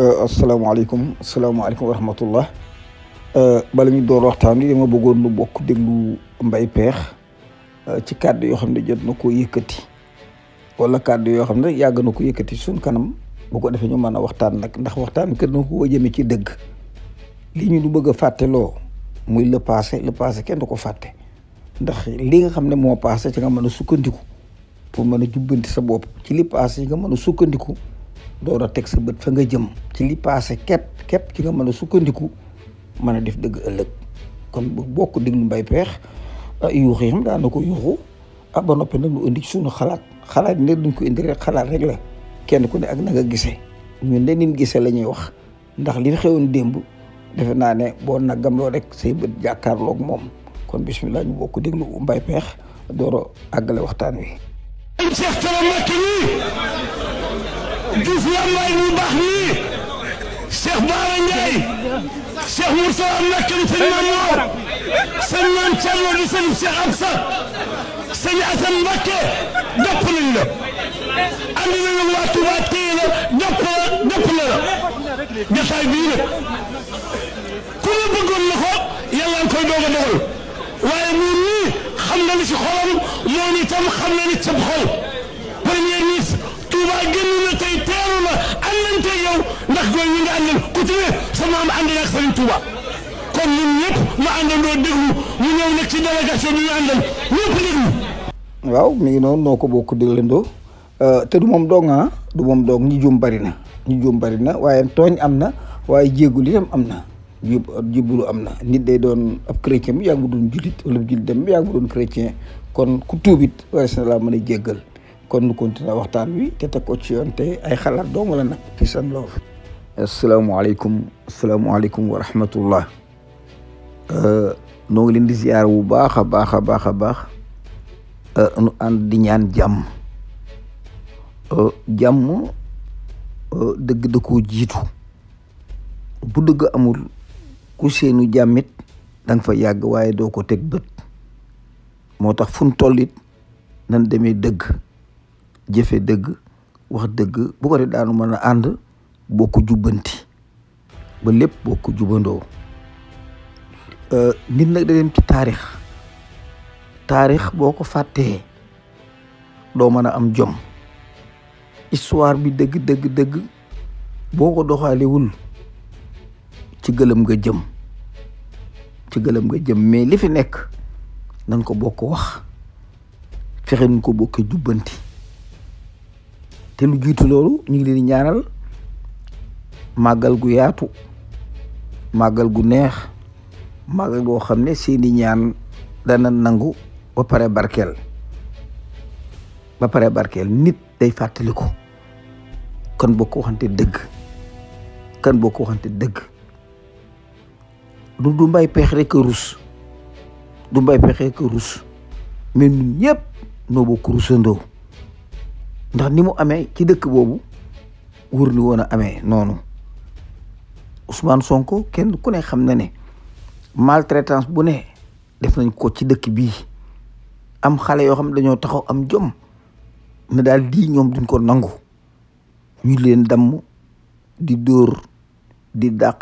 Euh, asalaamaaleykum asalaamaaleykum wa rahmatullah euh, bala ñu door waxtaan wi dama bëggoon lu bokk déglu mbay peex euh, ci kàddu yoo xam ne jot na koo yëkkati wala kàddu yoo xam ne yàgg na ko yëkkati suñ kanam bu ko defee ñu mën a waxtaan nag ndax waxtaan kër na ko jëmee ci dëgg li ñu du bëgg a fàtteloo muy le passé le passé kenn du ko fàtte ndax li nga xam ne moo passé ci nga mën a sukkandiku pour mën a jubbanti sa bopp ci li passé nga mën a sukkandiku door a teg sa bët fa nga jëm ci li passé képp képp ci nga mën a sukkandiku mën a def dëgg ëllëg kon bu bokk déglu mbay peex yuuxu yi xam daan na ko yuuxu ah ba noppi nag lu indi suñu xalaat xalaat ne duñ ko indi xalaat rek kenn ku ne ak na gisee ñun de nin gisee la ñuy wax ndax li xewoon démb defe naa ne boo naggam naggamloo rek say bët jàkkaarloog moom kon bismillah ñu bokk déglu mbay peex door a àggale waxtaan wi. gis lambaay bu baax nii Cheikh Bara Ndiaye Cheikh Mourtala Mbacké mu sëñ Maam Mor sëñ Maam Thierno di sëñ Cheikh Absa sëñ Assane Mbacké jàpp nañ la andi nañu waa Touba téye la jàpp la jàpp na la jotaay bii nag ku ne bëggoon na ko yàlla nga koy doog a dogal waaye moom nii xam na li ci xolam moom itam xam na li ci xol premier ministre Touba génn na ndax góor ñi nga àndal ku ci ne mu àndandoo déglu ci délégation bi ñu àndal ñëpp déglu. waaw mi ngi noonu noo bokk déglandoo euh, te du moom dong ah du ñi juum na ñi juum na waaye tooñ am na waaye jéegul itam am na. jub am na nit day doon ab chrétien mu yaa ngi doon jullit wala jullit dem yaa ngi doon chrétien kon ku tuubit war na laa mën a jéggal kon nu continuer waxtaan wi te teg ko ci yoon te ay xalaat dong la nag ci seen asalaamualeykum asalaamualeykum wa rahmatullah noo ngi leen di ziyaar bu baax a baax a baax a baax nu ànd di ñaan jàmm jàmm dëgg da jiitu bu dëgg amul ku seenu jàmmit da fa yàgg waaye doo ko teg bët moo tax fu mu toll it nan demee dëgg jëfe dëgg wax dëgg bu ko de daanu mën a ànd bokk jubbanti ba lépp bokk jubandoo euh, nit nag da dem ci taarix taarix boo ko fàttee doo mën a am jom histoire bi dëgg dëgg dëgg boo ko doxaalewul ci gëlëm ga jëm ci gëlëm nga jëm mais li fi nekk nañ ko bokk wax fexe nu ko bokk jubbanti te lu jiitu loolu ñu ngi ñaanal màggal gu yaatu màggal gu neex màggal goo xam ne seeni ñaan dana nangu ba pare barkeel ba pare barkeel nit day fàttali ko kan boo ko waxante dëgg kan boo ko waxante dëgg du du mbay peex rek rus du mbay peex rek rus mais ñun ñëpp noo bokk rusandoo ndax ni mu amee ci dëkk boobu wur ni woon a amee noonu Ousmane Sonko kenn ku ne xam na ne maltraitance bu ne def nañ ko ci dëkk bi am xale yoo xam ne dañoo taxaw am jom ne daal di ñoom duñ ko nangu ñu leen damm di dóor di dàq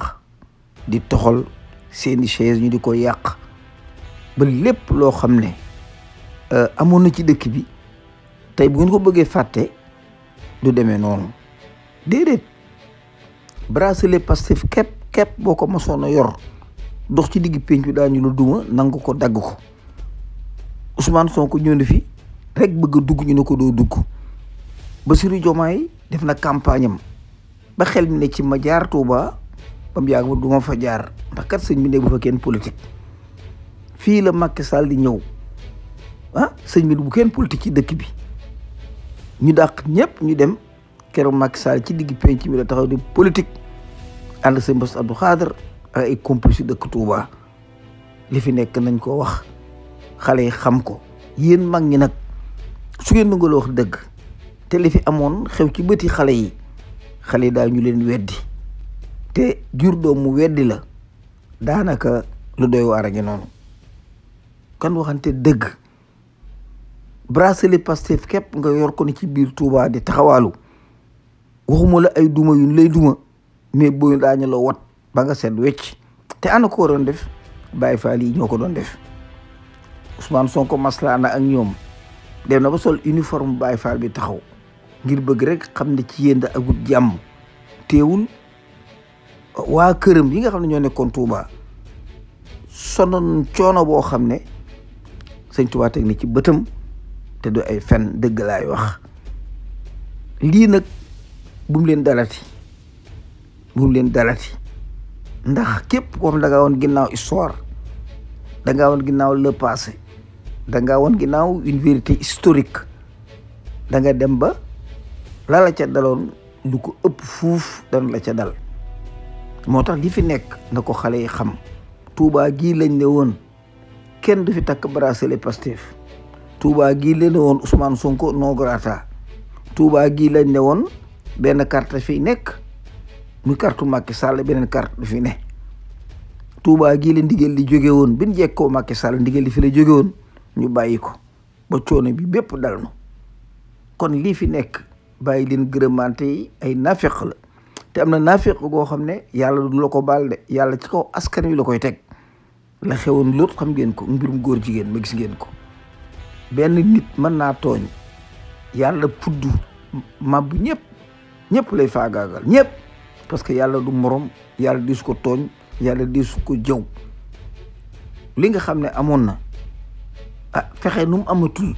di toxal seeni chaise ñu di ko yàq ba lépp loo xam ne euh, amoon na ci dëkk bi tey bu ngeen ko bëggee fàtte du deme noonu déedéet bracelet Pastef képp képp boo ko mosoon a yor dox ci digg pénc bi ñu la duma nangu ko dagg ko Ousmane Sonko ñëw na fi rek bëgg a dugg ñu ne ko doo dugg ba Bassirou Diomaye def na campagne ba xel mi ne ci ma jaar Touba ba mu yàgg duma fa jaar ndax kat sëñ bi ne bu fa kenn politique fii la Macky Sall di ñëw ah sëñ bi bu kenn politique ci dëkk bi ñu dàq ñëpp ñu dem keroog Macky Sall ci digg penc bi la taxaw di politique ànd ak sëñ Bass Abdou Khadre ak ay complice dëkk Touba li fi nekk nañ koo wax xale yi xam ko yéen mag ñi nag su ngeen nangaloo wax dëgg te li fi amoon xew ci bëti xale yi xale yi daa ñu leen weddi te jur doom mu weddi la daanaka lu doy waar a ngi noonu kan waxante dëgg bracelet Pastef képp nga yor ko ni ci biir Touba di taxawaalu waxuma la ay duma yu lay duma mais booy daañu la wat ba nga set wecc te ana ko doon def Baye Fall yi ñoo ko doon def Ousmane Sonko maslaana ak ñoom dem na ba sol uniforme Baye Fall bi taxaw ngir bëgg rek xam ne ci yéen da agut jàmm teewul waa këram yi nga xam ne ñoo nekkoon Touba sonoon coono boo xam ne sëñ Touba ci bëtam te du ay fen dëgg wax lii nag bu leen darati bum leen dalati ndax képp ko da nga won ginnaw histoire da nga won ginnaw le passé da nga won ginnaw une vérité historique da nga dem ba la la ca dalon du ko ëpp fouf dana la ca dal motax li fi nek na ko xam Touba gi lañ ne won kenn du fi brasser les Pastef Touba gi lañ ne won Ousmane Sonko no grata Touba gi lañ ne won ben carte fi nek mi carte Macky Sall beneen carte du fi ne tuuba gii la ndigal li jóge woon bin jekkoo Macky Sall ndigal li fi la jóge woon ñu bàyyi ko ba coono bi bépp dal na kon lii fi nekk bàyyi leen gërëmante ay nafiq la te am na nafiq goo xam ne yàlla du la ko baal de yàlla ci kaw askan wi la koy teg la xewoon loot xam ngeen ko mbirum góor jigéen ma gis ngeen ko benn nit mën naa tooñ yàlla pudd mabbu ñépp ñëpp lay faagaagal ñëpp parce que yalla du morom yalla dis ko togn yalla dis ko djew li nga xamné amon na ah fexe nu mu amatul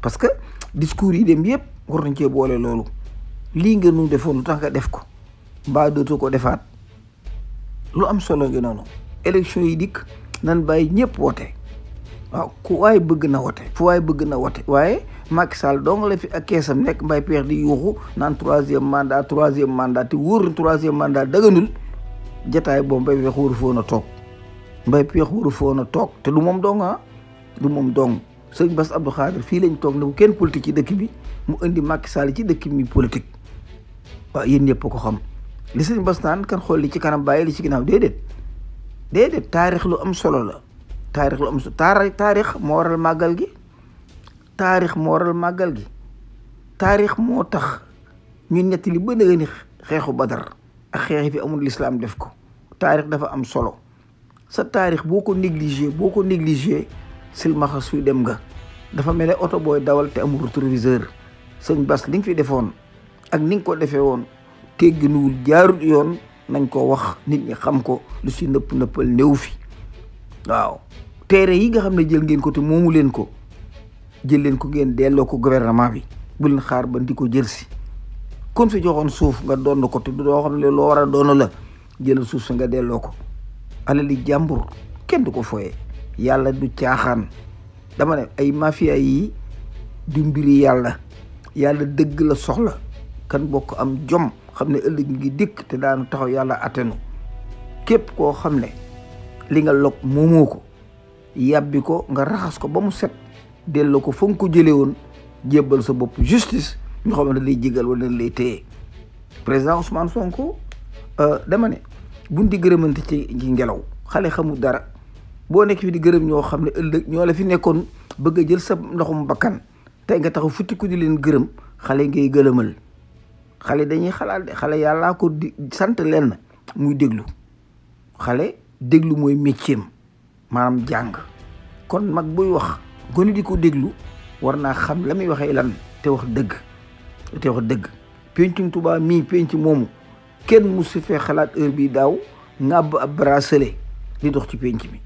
parce que discours yi dem yépp war nañ cee boole lolu li nga nu defoon lu tax nga def ko ba do to ko defat lu am solo ngi noonu élection yi dik nan bay ñepp woote waaw ku way bëgg na woote fu way bëgg na woote waaye Macky Sall dong la fi ak keesam nekk Mbaye Pekh di yuuxu naan troisième mandat troisième mandat te wóor na troisième mandat dëgganul jataay boobu Mbaye Pekh waru foon a toog Mbaye Pekh waru a toog te du moom dong ah du moom dong sëñ Bass Abdou Khadir fii lañ toog ne bu kenn politique ci dëkk bi mu indi Macky Sall ci dëkk mi politique waaw yéen ko xam li sëñ Bass naan kan xool li ci kanam bàyyi li ci ginnaaw déedéet déedéet taarix lu am solo la taarix lu am solo taarix moo waral màggal gi taarix moo waral màggal gi taarix moo tax ñu nettali ba ni xeexu badar ak xeex bi amul lislaam def ko taarix dafa am solo sa taarix boo ko négligé boo ko négligé silmaxa suy dem nga dafa mel ne oto booy dawal te amul rétroviseur sëñ Bas li nga fi defoon ak ni nga ko defee woon tegginuwul jaarut yoon nañ ko wax nit ñi xam ko lu si nëpp nëppal néew fi waaw téere yi nga xam ne jël ngeen ko te moomu leen ko jël leen ko ngeen delloo ko gouvernement bi bu xaar ba di ko jël si kon fi joxoon suuf nga doon ko te doo xam ne loo war a doon la jëlal suuf si nga delloo ko alali jàmbur kenn du ko foyee yàlla du caaxaan dama ne ay mafia yi du mbiri yàlla yàlla dëgg la soxla kan bokk am jom xam ne ëllëg ngi dikk te daanu taxaw yàlla attenu képp koo xam ne li nga log moomoo ko yàbbi ko nga raxas ko ba mu set delloo ko fa nga ko jëlee woon jébbal sa bopp justice ñu xam na lay jigal wala lay téye président Ousmane Sonko euh, dama ne buñ di gërëmante ci ci ngelaw xale xamul dara boo nekk fi di gërëm ñoo xam ne ëllëg ñoo la fi nekkoon bëgg a jël sa ndoxum bakkan tey nga taxaw futti ku di leen gërëm xale ngay gëlëmal xale dañuy xalaat de xale yàllaa ko di sant leen muy déglu xale déglu mooy métier maanaam jàng kon mag buy wax gone di ko déglu war naa xam la muy waxee lan te wax dëgg te wax dëgg pencum Tuubaa mii penc moomu kenn si fee xalaat heure bi daaw ngàbb ab bracelet di dox ci penc mi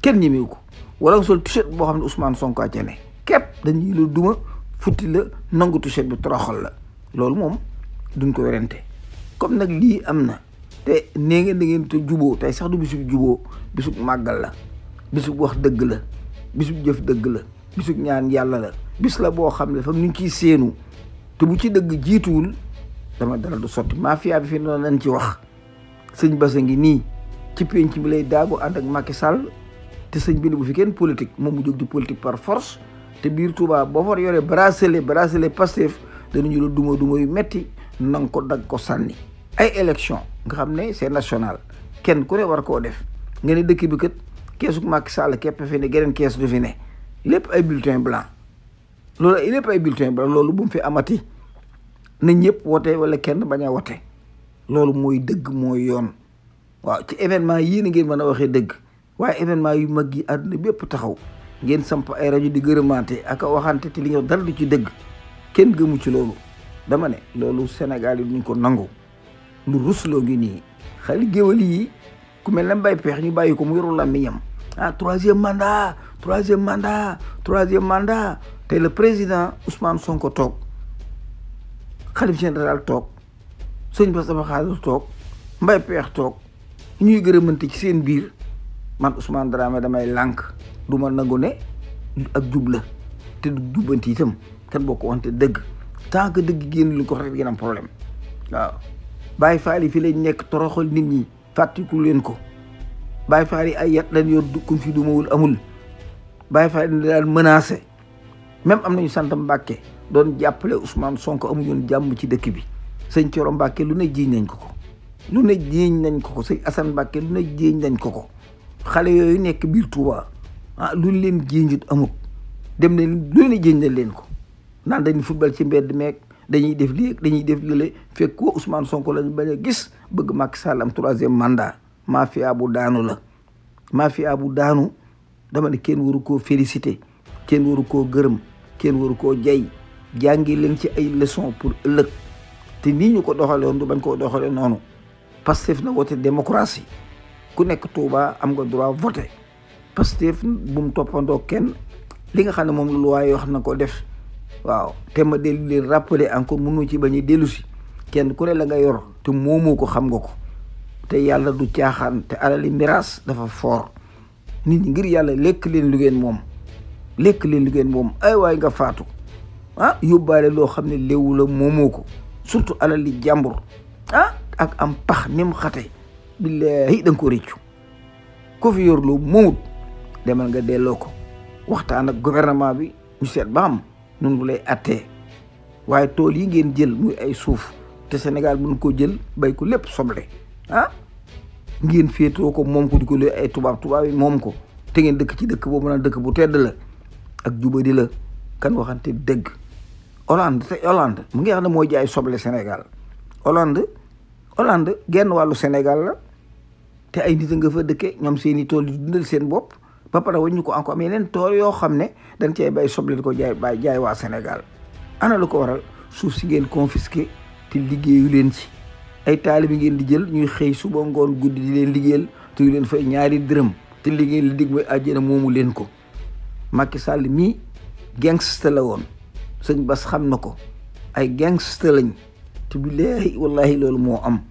kenn ñemewu ko wala nga sol t-shirt boo xam ne Ousmane Sonko ca ne képp dañuy la duma futti la nangu t-shirt bi toroxal la loolu moom duñ ko werante comme nag lii am na te nee ngeen da ngeen te juboo tey sax du bisub juboo bisub màggal la bisub wax dëgg la bisub jëf dëgg la bisub ñaan yàlla la bis la boo xam ne fam ñu ngi ciy séenu te bu ci dëgg jiituwul dama dara du sotti maa bi fi noonu lañ ci wax sëñ Bass a ngi nii ci penc bi lay daagu ànd ak Macky Sall te sëñ bi ne bu fi kenn politique moom mu jóg di politique par force te biir Touba boo fa yoree bracelet bracelet Pastef dana la duma duma yu metti nang ko dagg ko sànni ay élection nga xam ne c'est national kenn ku ne war koo def nga ne dëkk bi kat keesu Macky Sall képp fi ne geneen kees du fi ne lépp ay bulletin blanc loolu lépp ay bulletin blanc loolu bu mu fi amati na ñëpp wote walla kenn bañ a wote loolu mooy dëgg mooy yoon waaw ci événement yii ni ngeen mën a waxee dëgg waaye événement yu mag yi àdduna bépp taxaw ngeen samp ay rajo di gërëmaate ak waxante te li nga dara du ci dëgg kenn gëmu ci loolu dama ne loolu Sénégal yi duñ ko nangu lu rusloo ngi nii xali géwal yi ku mel ne mbay peex ñu bàyyi ko mu yoru làmmiñam ah, troisième mandat troisième mandat troisième mandat tey le président Ousmane Sonko Tok. Khalif général Tok. sëñ Bass Abdou Tok. Mbaye Père Tok. ñuy gërëmante ci seen biir man Ousmane Dramé damay lànk du ma nangu ne ak jubla te du jubbanti itam kan boo ko wante tant que dëgg génn lu ko rek am problème waaw bàyyi faali fi lañ nekk toroxal nit ñi leen ko Baay Faal yi ay yat lañ yor kum fi dumawul amul Baay Faal yi daan même am nañu santa Mbàkke doon jàppale Ousmane Sonko amul yoon jàmm ci dëkk bi sëñ Coro Mbàkke lu ne jiiñ nañ ko ko lu ne nañ ko ko sëñ Assane Mbàkke lu nañ ko ko xale yooyu nekk biir Touba ah lu leen jiiñut amut dem ne lu nañ leen ko naan dañuy football ci mbedd meek dañuy def lii dañuy def lële fekk ko Ousmane Sonko lañu bañ a gis bëgg Macky Sall am troisième mandat fi bu daanu la mafia bu daanu dama ne kenn waru koo félicité kenn waru koo gërëm kenn waru koo jay jàngi leen ci ay leçon pour ëllëg te nii ñu ko doxalewoon du bañ koo doxale noonu Pastef na wote démocratie ku nekk Touba am nga droit voter Pastef bu mu toppandoo kenn li nga xam ne moom lu waaye wax na ko def waaw te ma dellu leen rappeler encore mënu ci bañ a dellu si kenn ku ne la nga yor te moomoo ko xam nga ko te yàlla du caaxaan te alali miraas dafa foor nit ñi ngir yàlla lekk leen lu moom lekk leen lu moom ay waay nga faatu ah yóbbaale loo xam ne léewu la moomoo ko surtout alali jàmbur ah ak am pax nim xate billaahi da nga ko réccu ko fi yorloo moomut demal nga delloo ko waxtaan ak gouvernement bi ñu seet ba am nun bu lay waaye tool yi ngeen jël muy ay suuf te senegal buñ ko jël bay ko lépp soble ah ngeen féetoo ko moom ko di ko ay tubaab tubaab moom ko te ngeen dëkk ci dëkk boobu nag dëkk bu tedd la ak jubadi la kan waxante dëgg Hollande te Hollande mu ngi xam ne mooy jaay soble Sénégal Hollande Hollande genn wàllu Sénégal la te ay nit a nga fa dëkke ñoom seen i tool di dundal seen bopp ba pare waññu ko encore am yeneen tool yoo xam ne dañ cee bay soble di ko jaay bay jaay waa Sénégal ana lu ko waral suuf si ngeen confisqué te liggéeyu leen ci ay taalibi ngeen di jël ñuy xëy suba ngoon guddi leen liggéeyal te leen fay ñaari dërëm te liggéey li dig mooy àjjana moomu leen ko Macky Sall mii gangster la woon sëñ Bas xam na ko ay gangster lañ te billaahi wallaahi loolu moo am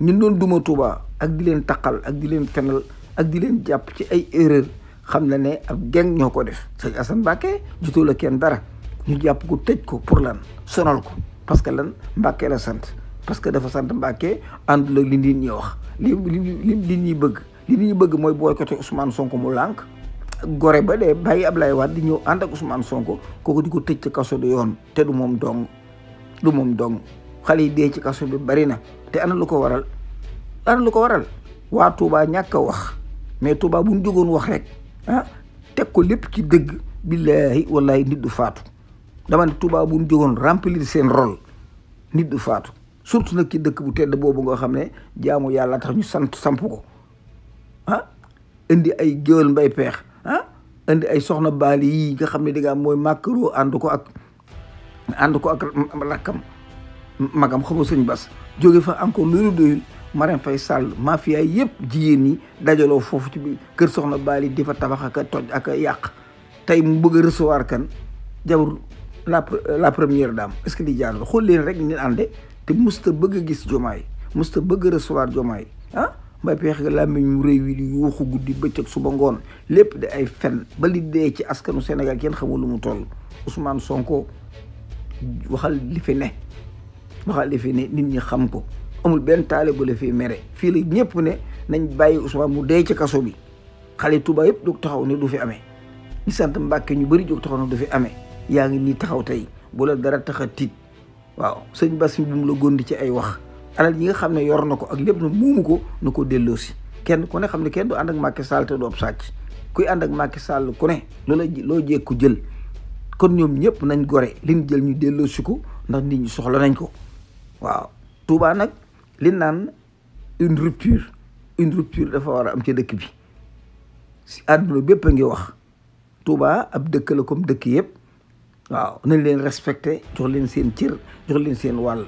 ñun doon duma Tuuba ak di leen taqal ak di leen fenal ak di leen jàpp ci ay erreur xam na ne ab gang ñoo ko def sëñ Assane Mbacké jotul la kenn dara ñu jàpp ko tëj ko pour lan sonal ko parce que lan Mbacké la sant parce que dafa santam Mbacké and ak li nit ñi wax li li nit ñi bëgg li nit ñi bëgg mooy boycotté Ousmane Sonko mu lank goré ba dé Baye Ablaye Wade di ñëw and ak Ousmane Sonko koku di tecc ci kasso du yoon té du mom dong du mom dong xale dé ci kasso bi bari na te ana lu ko waral ana lu ko waral wa Touba ñaka wax mais Touba bu ñu jógoon wax rek ah teg ko lepp ci dëgg billahi wallahi nit du faatu dama ne Touba bu ñu jógoon remplir sen rôle nit du faatu surtout nak ci dëkk bu tedd bobu nga xam ne jaamu yalla tax ñu sant samp ko ha indi ay géwél mbay peex ha indi ay soxna bal yi nga xam diga moy makro mooy ko ak ànd ko ak rakkam magam xamu sëñ bas joge fa encore loolu doyul marin fay Sall mafia yëpp jigen ni dajalo fofu ci bi keur soxna bal yi difa tabax ak toj ak yaq tay mu bëgg recevoir kan jabur la la première dame est-ce que li jaar xol leen rek ni ande te musta bëgg a gis jomaay musta bëgg a recevoir jomaay ah mbay peex ga làmmiñ mu réew yi di yuuxu guddi bëccëg suba ngoon lépp di ay fen ba li dee ci askanu senegal kenn xamul lu mu toll Ousmane Sonko waxal li fi ne waxal li ne nit ñi xam ko amul benn taale bu la fi mere fii la ñëpp ne nañ bàyyi Ousmane mu dee ci kaso bi xale Touba yëpp dug taxaw ne du fi amee ñi sant Mbàkke ñu bari jóg taxaw ne du fi amee yaa ngi nii taxaw tey bu la dara tax a tiit waaw sëñ bas bi bu mu la gondi ci ay wax alal yi nga xam ne yor na ko ak lépp na muumu ko na ko delloosi kenn ku ne xam ne kenn du ànd ak Macky Sall te du ab sàcc kuy ànd ak Macky Sall ku ne loola loo jekku jël kon ñoom ñëpp nañ gore liñ jël ñu delloosi ko ndax nit ñi soxla nañ ko waaw Touba nag li naan une rupture une rupture dafa war a am ci dëkk bi si àdduna bépp a ngi wax Touba ab dëkk la comme dëkk yëpp waaw nañ leen respecté jox leen seen cër jox leen seen wàll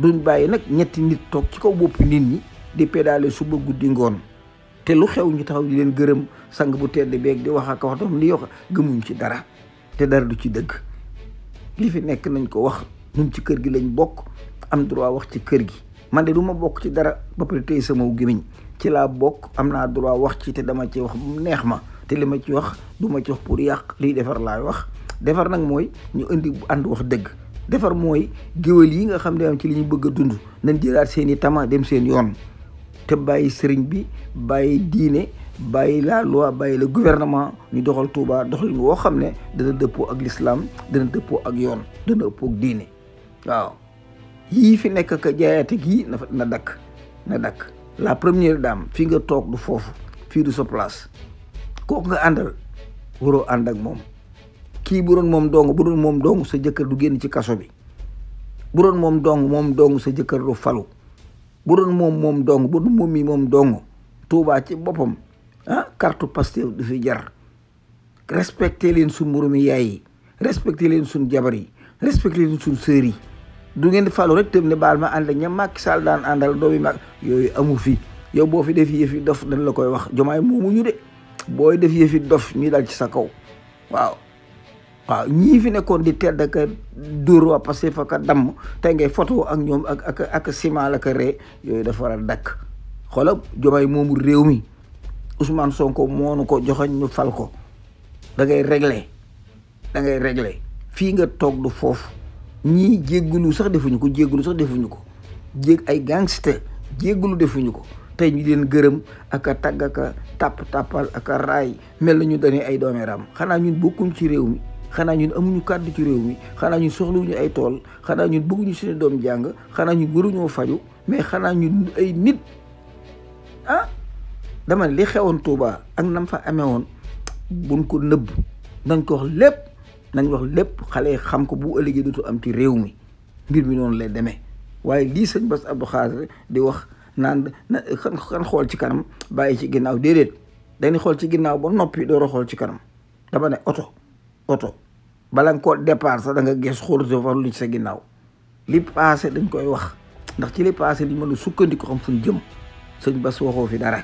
duñ bàyyi nag ñetti nit toog ci kaw nit ñi di pédale suba guddi ngoon te lu xew ñu taxaw di leen gërëm sang bu tedd beeg di wax ak wax tam yox gëmuñ ci dara te dara du ci dëgg li fi nekk nañ ko wax ñun ci kër gi lañ bokk am droit wax ci kër gi man de du ma bokk ci dara ba pare tey sama gëmiñ ci laa bokk am naa droit wax ci te dama ci wax neex ma te li ma ci wax du ci wax pour yàq liy defar laay wax defar nag mooy ñu indi ànd wax dëgg defar mooy géwél yi nga xam ne am ci li ñu bëgg a dund nañ jëlaat seeni i tama dem seen yoon te bàyyi sëriñ bi bàyyi diine bàyyi la loi bàyyi la gouvernement ñu doxal Touba doxalin woo xam ne dana dëppoo ak lislaam dana dëppoo ak yoon dana ëppoo ak diine waaw yii fi nekk ka jaayaate gii na dakk na dakk la première dame fi nga toog du foofu fii du sa place kooku nga àndal waroo ànd ak moom kii bu moom dong bu doon moom dong sa jëkkër du génn ci kaso bi bu moom dong moom dong sa jëkkër du falu bu doon moom moom dong bu doon moom mi moom dong Tuubaa ci boppam ah carte Pastef du fi jar respecté leen suñ moromi yaay yi respecté leen suñ jabar yi respecté leen suñ yi du ngeen di falu rek tëm ne baal ma ànd ak ña Macky Sall daan àndal doomi mag yooyu amu fi yow boo fi def yëfi dof dañ la koy wax jomaay moomu ñu de booy def yëfi dof ñuy dal ci sa kaw waaw ñii fi nekkoon di tedd ak dóor waa Pastef ak damm tey ngay photo ak ñoom ak ak ak ciment la ko ree yooyu dafa war a dakk xoolal Diomaye moomu réew mi Ousmane Sonko moonu ko joxoñ ñu fal ko da ngay régler da ngay fii nga toog du foofu ñii jéggulu sax defuñu ko jéggulu sax defuñu ko jég ay gangster jéggulu defuñu ko tey ñu leen gërëm ak a tàgg ak a tàpp tàppal ak a raay mel na ñu dañuy ay doomeeram xanaa ñun bokkuñ ci réew mi xanaa ñun amuñu kàddu ci réew mi xanaa ñun soxlawuñu ay tool xanaa ñun bëgguñu suñu doom jàng xanaa ñun waruñoo faju mais xanaa ñun ay nit ah dama ne li xewoon Touba ak nam fa amee woon buñ ko nëbb nañ ko wax lépp nañ wax lépp xale xam ko bu ëllëgee dootu am ci réew mi mbir mi noonu lay demee waaye lii sëñ Bass Abdou Khadre di wax nan na kan xool ci kanam bàyyi ci ginnaaw déedéet dañuy xool ci ginnaaw ba noppi door a xool ci kanam dama ne oto oto bala nga ko départ sax da nga gis xóorute war lu ci sa ginnaaw li passé dañ koy wax ndax ci li passé li mën a sukkandiku xam fu ñu jëm sëñ ba waxoo fi dara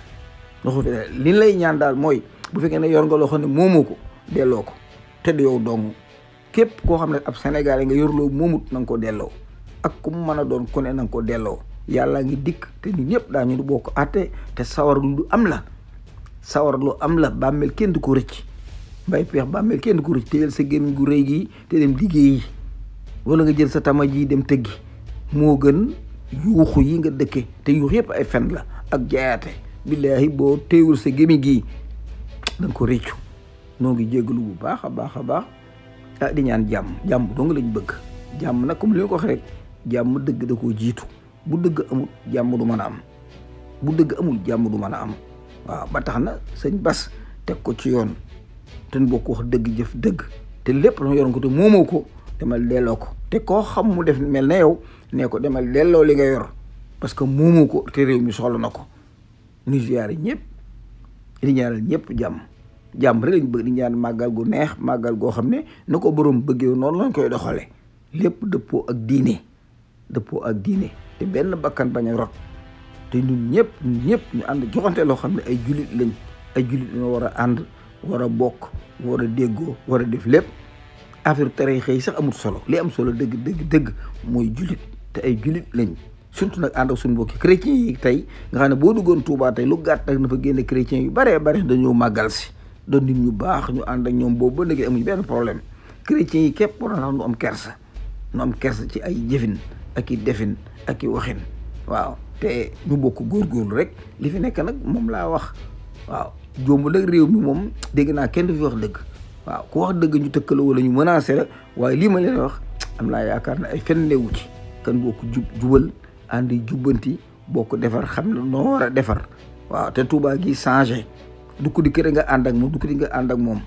waxoo fi lay ñaan daal mooy bu fekkee ne yor nga loo xam ne moomoo ko delloo ko te du yow dong képp koo xam ne ab Sénégalais nga yorloo moomut na nga delloo ak ku mu mën a doon ku ne na nga delloo yàlla ngi dikk te ñun ñëpp du bokk àtte te sawar lu am la sawar lu am la bàmmeel kenn du ko rëcc. bàyyi peex bàmmeel kenn ku rëcc téyel sa gémmi gu rëy gi te dem wala nga jël sa tama ji dem tëggi moo gën yuuxu yi nga dëkke te yëpp ay fen la ak jaayaate billaahi boo téewul sa gémmi gi da ko rëccu noo ngi jéggalu bu baax a baax a baax ah di ñaan jàmm jàmm dong lañ bëgg jàmm na comme li ko waxee rek jàmm dëgg da ko jiitu bu dëgg amul jàmm du mën a am bu dëgg amul jàmm du mën a am waaw ba tax na sëñ Bas teg ko ci yoon ten bokk wax deug jëf deug te lepp la yor nga ko te moomoo demal delloo ko te ko xam mu def melne yow nee ko demal delloo li nga yor parce que momoko ko te réew mi solo nako ni ziar ñepp ñëpp di ñaanal ñepp jam jam rek lañ bëgg di ñaan magal gu neex magal go xam nako borom bëggee non lañ koy doxale lépp dëppoo ak diine dëppoo ak diine te benn bakkan baña rot te ñun ñepp ñepp ñu and joxante lo xam ay julit lañ ay julit lañu wara and war bokk war a wara war def lépp affaire tarixa yi sax amul solo li am solo dëgg dëgg dëgg mooy jullit te ay jullit lañ surtout nag ànd ak suñu mbokki chrétien yi tey nga xam ne boo duggoon Touba tey lu gàtt nag dafa génne chrétien yu baree bare dañoo màggal si doon nit ñu baax ñu ànd ak ñoom boobu ba léegi amuñ benn problème chrétien yi képp na am kersa nu am ci ay jëfin ak i ak i waxin waaw te ñu rek li fi nekk nag moom laa wax waaw jomb nag réew mi moom dégg naa kenn du fi wax dëgg waaw ku wax dëgg ñu tëkkale wala ñu menacé waaye lii ma leen wax am naa yaakaar na ay fen newu ci kan boo ko jubal andi jubbanti boo ko defar xam ne noo war a defar waaw te Touba gi changé du ko di kër nga ànd ak moom du ko di nga ànd ak moom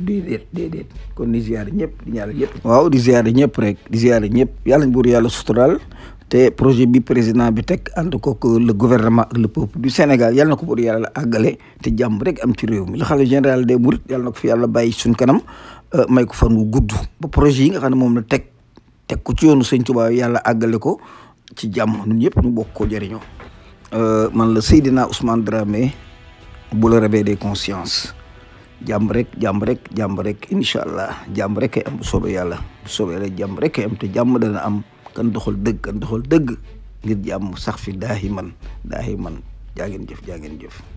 déedéet kon ni ziare ñëpp di ñaanal ñëpp. waaw di ziare ñëpp rek di ziare ñëpp yàlla ñu buur yàlla sutural te projet bi président bi teg ànd kook le gouvernement ak le peuple du Sénégal yàlla na ko pour yàlla àggale te jàmm rek am ci réew mi la xam ne général de Mourides yàlla ko fi yàlla bay suñ kanam euh, may ko fan wu gudd ba projet yi nga xam ne moom na teg teg ko ci yoonu sëñ yàlla àggale ko ci jàmm ñun ñu bokk ko jëriñoo euh, man la Seydina Ousmane Dramé bu la réveil des jàmm rek jàmm rek jàmm rek incha allah jàmm rek am bu soobee yàlla bu soobee yàlla jàmm rek am te jàmm dana am kan doxal dëgg kan doxal dëgg ngir jàmm sax fi daahi man daahi man jaa ngeen jëf jaa ngeen jëf